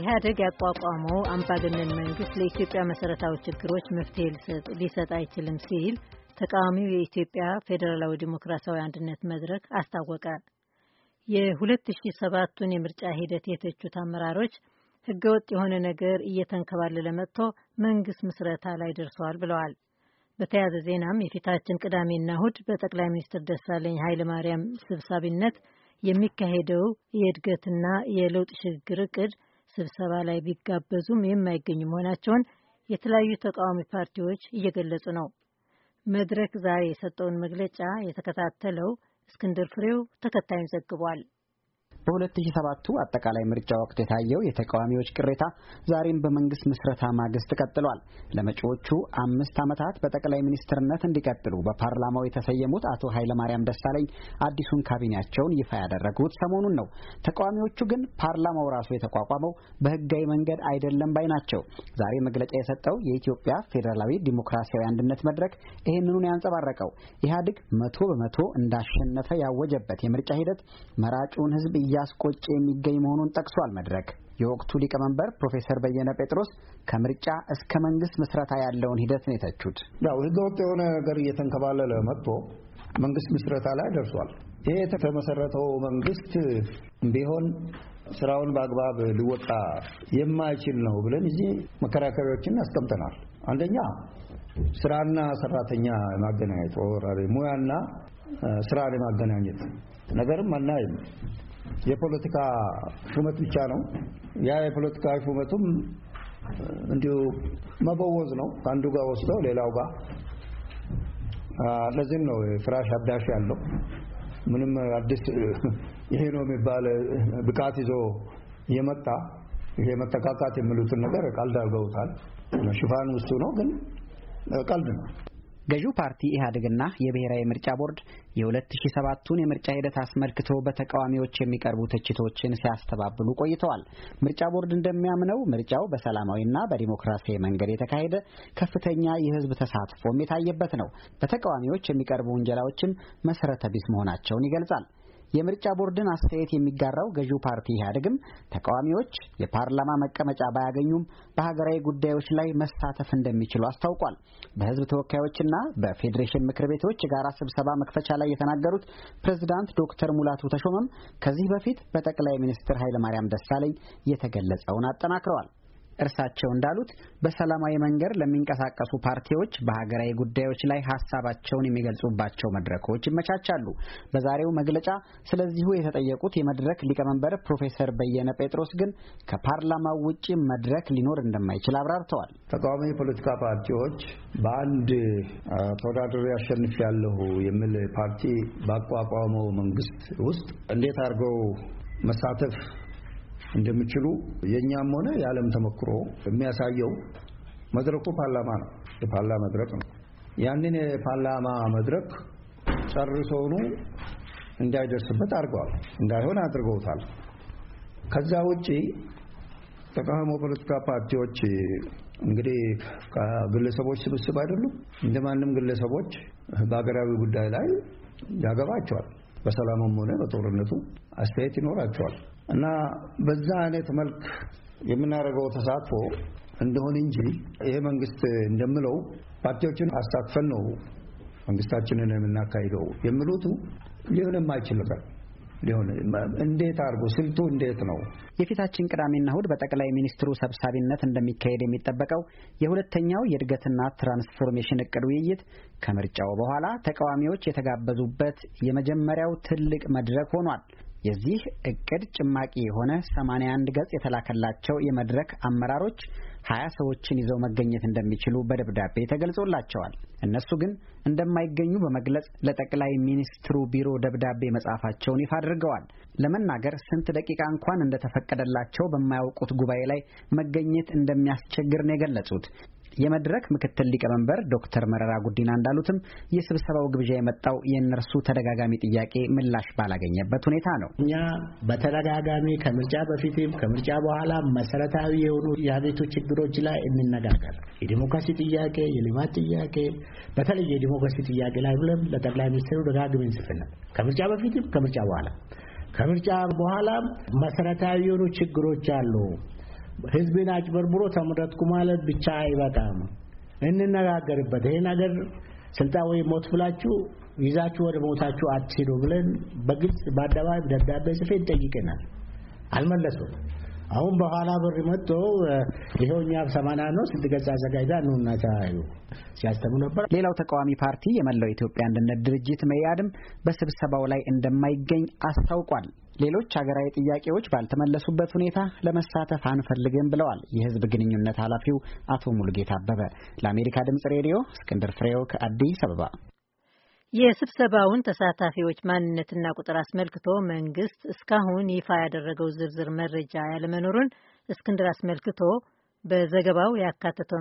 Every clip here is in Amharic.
ኢህአደግ ያቋቋመው አምባገነን መንግስት ለኢትዮጵያ መሰረታዊ ችግሮች መፍትሄ ሊሰጥ አይችልም ሲል ተቃዋሚው የኢትዮጵያ ፌዴራላዊ ዴሞክራሲያዊ አንድነት መድረክ አስታወቀ። የ2007ቱን የምርጫ ሂደት የተቹት አመራሮች ህገወጥ የሆነ ነገር እየተንከባለለ መጥቶ መንግስት ምስረታ ላይ ደርሰዋል ብለዋል። በተያያዘ ዜናም የፊታችን ቅዳሜና እሁድ በጠቅላይ ሚኒስትር ደሳለኝ ኃይለማርያም ሰብሳቢነት የሚካሄደው የእድገትና የለውጥ ሽግግር እቅድ ስብሰባ ላይ ቢጋበዙም የማይገኙ መሆናቸውን የተለያዩ ተቃዋሚ ፓርቲዎች እየገለጹ ነው። መድረክ ዛሬ የሰጠውን መግለጫ የተከታተለው እስክንድር ፍሬው ተከታዩን ዘግቧል። በ 2007 አጠቃላይ ምርጫ ወቅት የታየው የተቃዋሚዎች ቅሬታ ዛሬም በመንግስት ምስረታ ማግስት ቀጥሏል። ለመጪዎቹ አምስት ዓመታት በጠቅላይ ሚኒስትርነት እንዲቀጥሉ በፓርላማው የተሰየሙት አቶ ኃይለማርያም ደሳለኝ አዲሱን ካቢኔያቸውን ይፋ ያደረጉት ሰሞኑን ነው። ተቃዋሚዎቹ ግን ፓርላማው ራሱ የተቋቋመው በህጋዊ መንገድ አይደለም ባይ ናቸው። ዛሬ መግለጫ የሰጠው የኢትዮጵያ ፌዴራላዊ ዲሞክራሲያዊ አንድነት መድረክ ይህንኑን ያንጸባረቀው ኢህአዴግ መቶ በመቶ እንዳሸነፈ ያወጀበት የምርጫ ሂደት መራጩን ህዝብ እያስቆጨ የሚገኝ መሆኑን ጠቅሷል መድረክ። የወቅቱ ሊቀመንበር ፕሮፌሰር በየነ ጴጥሮስ ከምርጫ እስከ መንግስት ምስረታ ያለውን ሂደት ነው የተቹት። ያው ህገወጥ የሆነ ነገር እየተንከባለለ መጥቶ መንግስት ምስረታ ላይ ደርሷል። ይህ የተመሰረተው መንግስት ቢሆን ስራውን በአግባብ ሊወጣ የማይችል ነው ብለን እዚህ መከራከሪያዎችን አስቀምጠናል። አንደኛ ስራና ሰራተኛ የማገናኘት ሙያና ስራን የማገናኘት ነገርም አናይም። የፖለቲካ ሹመት ብቻ ነው። ያ የፖለቲካ ሹመቱም እንዲሁ መበወዝ ነው። አንዱ ጋር ወስደው ሌላው ጋር። ለዚህም ነው ፍራሽ አዳሽ ያለው ምንም አዲስ ይሄ ነው የሚባል ብቃት ይዞ የመጣ ይሄ መጠቃቃት የሚሉትን ነገር ቀልድ አድርገውታል። ሽፋን ውስጡ ነው፣ ግን ቀልድ ነው። ገዢው ፓርቲ ኢህአዴግና የብሔራዊ ምርጫ ቦርድ የ2007ቱን የምርጫ ሂደት አስመልክቶ በተቃዋሚዎች የሚቀርቡ ትችቶችን ሲያስተባብሉ ቆይተዋል። ምርጫ ቦርድ እንደሚያምነው ምርጫው በሰላማዊና በዲሞክራሲያዊ መንገድ የተካሄደ ከፍተኛ የህዝብ ተሳትፎም የታየበት ነው። በተቃዋሚዎች የሚቀርቡ ውንጀላዎችም መሰረተ ቢስ መሆናቸውን ይገልጻል። የምርጫ ቦርድን አስተያየት የሚጋራው ገዢው ፓርቲ ኢህአዴግም ተቃዋሚዎች የፓርላማ መቀመጫ ባያገኙም በሀገራዊ ጉዳዮች ላይ መሳተፍ እንደሚችሉ አስታውቋል። በህዝብ ተወካዮችና በፌዴሬሽን ምክር ቤቶች የጋራ ስብሰባ መክፈቻ ላይ የተናገሩት ፕሬዝዳንት ዶክተር ሙላቱ ተሾመም ከዚህ በፊት በጠቅላይ ሚኒስትር ኃይለማርያም ደሳለኝ የተገለጸውን አጠናክረዋል። እርሳቸው እንዳሉት በሰላማዊ መንገድ ለሚንቀሳቀሱ ፓርቲዎች በሀገራዊ ጉዳዮች ላይ ሀሳባቸውን የሚገልጹባቸው መድረኮች ይመቻቻሉ። በዛሬው መግለጫ ስለዚሁ የተጠየቁት የመድረክ ሊቀመንበር ፕሮፌሰር በየነ ጴጥሮስ ግን ከፓርላማው ውጭ መድረክ ሊኖር እንደማይችል አብራርተዋል። ተቃዋሚ የፖለቲካ ፓርቲዎች በአንድ አሸንፍ ያለሁ የሚል ፓርቲ ባቋቋመው መንግስት ውስጥ እንዴት አድርገው መሳተፍ እንደሚችሉ የእኛም ሆነ የዓለም ተሞክሮ የሚያሳየው መድረኩ ፓርላማ ነው። የፓርላ መድረክ ነው። ያንን የፓርላማ መድረክ ጨርሶኑ እንዳይደርስበት አድርገዋል። እንዳይሆን አድርገውታል። ከዛ ውጪ ተቃውሞ ፖለቲካ ፓርቲዎች እንግዲህ ከግለሰቦች ስብስብ አይደሉም። እንደማንም ግለሰቦች በሀገራዊ ጉዳይ ላይ ያገባቸዋል። በሰላምም ሆነ በጦርነቱ አስተያየት ይኖራቸዋል እና በዛ አይነት መልክ የምናደርገው ተሳትፎ እንደሆን እንጂ ይሄ መንግስት እንደምለው ፓርቲዎችን አሳትፈን ነው መንግስታችንን የምናካሂደው የሚሉት ሊሆንም አይችልም። ሊሆን እንዴት አድርጎ ስልቱ እንዴት ነው? የፊታችን ቅዳሜና እሁድ በጠቅላይ ሚኒስትሩ ሰብሳቢነት እንደሚካሄድ የሚጠበቀው የሁለተኛው የእድገትና ትራንስፎርሜሽን እቅድ ውይይት ከምርጫው በኋላ ተቃዋሚዎች የተጋበዙበት የመጀመሪያው ትልቅ መድረክ ሆኗል። የዚህ እቅድ ጭማቂ የሆነ 81 ገጽ የተላከላቸው የመድረክ አመራሮች ሀያ ሰዎችን ይዘው መገኘት እንደሚችሉ በደብዳቤ ተገልጾላቸዋል። እነሱ ግን እንደማይገኙ በመግለጽ ለጠቅላይ ሚኒስትሩ ቢሮ ደብዳቤ መጻፋቸውን ይፋ አድርገዋል። ለመናገር ስንት ደቂቃ እንኳን እንደተፈቀደላቸው በማያውቁት ጉባኤ ላይ መገኘት እንደሚያስቸግር ነው የገለጹት። የመድረክ ምክትል ሊቀመንበር ዶክተር መረራ ጉዲና እንዳሉትም የስብሰባው ግብዣ የመጣው የእነርሱ ተደጋጋሚ ጥያቄ ምላሽ ባላገኘበት ሁኔታ ነው። እኛ በተደጋጋሚ ከምርጫ በፊትም ከምርጫ በኋላ መሰረታዊ የሆኑ የሀገሪቱ ችግሮች ላይ እንነጋገር፣ የዲሞክራሲ ጥያቄ፣ የልማት ጥያቄ፣ በተለይ የዲሞክራሲ ጥያቄ ላይ ብለን ለጠቅላይ ሚኒስትሩ ደጋግመን ጽፈናል። ከምርጫ በፊትም ከምርጫ በኋላ ከምርጫ በኋላም መሰረታዊ የሆኑ ችግሮች አሉ። ህዝብን አጭበርብሮ ተመረጥኩ ማለት ብቻ አይበቃም። እንነጋገርበት። ይሄ ነገር ስልጣን ወይ ሞት ብላችሁ ይዛችሁ ወደ ሞታችሁ አትሄዱ ብለን በግልጽ በአደባባይ ደብዳቤ ጽፌ ይጠይቀናል። አልመለሱም። አሁን በኋላ ብር መጥቶ ይኸው እኛ ሰማና ነው ስንት ገጽ አዘጋጅታ ነውና ነበር። ሌላው ተቃዋሚ ፓርቲ የመላው ኢትዮጵያ አንድነት ድርጅት መያድም በስብሰባው ላይ እንደማይገኝ አስታውቋል። ሌሎች ሀገራዊ ጥያቄዎች ባልተመለሱበት ሁኔታ ለመሳተፍ አንፈልግም ብለዋል የህዝብ ግንኙነት ኃላፊው አቶ ሙሉጌታ አበበ። ለአሜሪካ ድምጽ ሬዲዮ እስክንድር ፍሬው ከአዲስ አበባ። የስብሰባውን ተሳታፊዎች ማንነትና ቁጥር አስመልክቶ መንግስት እስካሁን ይፋ ያደረገው ዝርዝር መረጃ ያለመኖሩን እስክንድር አስመልክቶ በዘገባው ያካተተው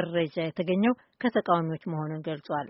መረጃ የተገኘው ከተቃዋሚዎች መሆኑን ገልጿል።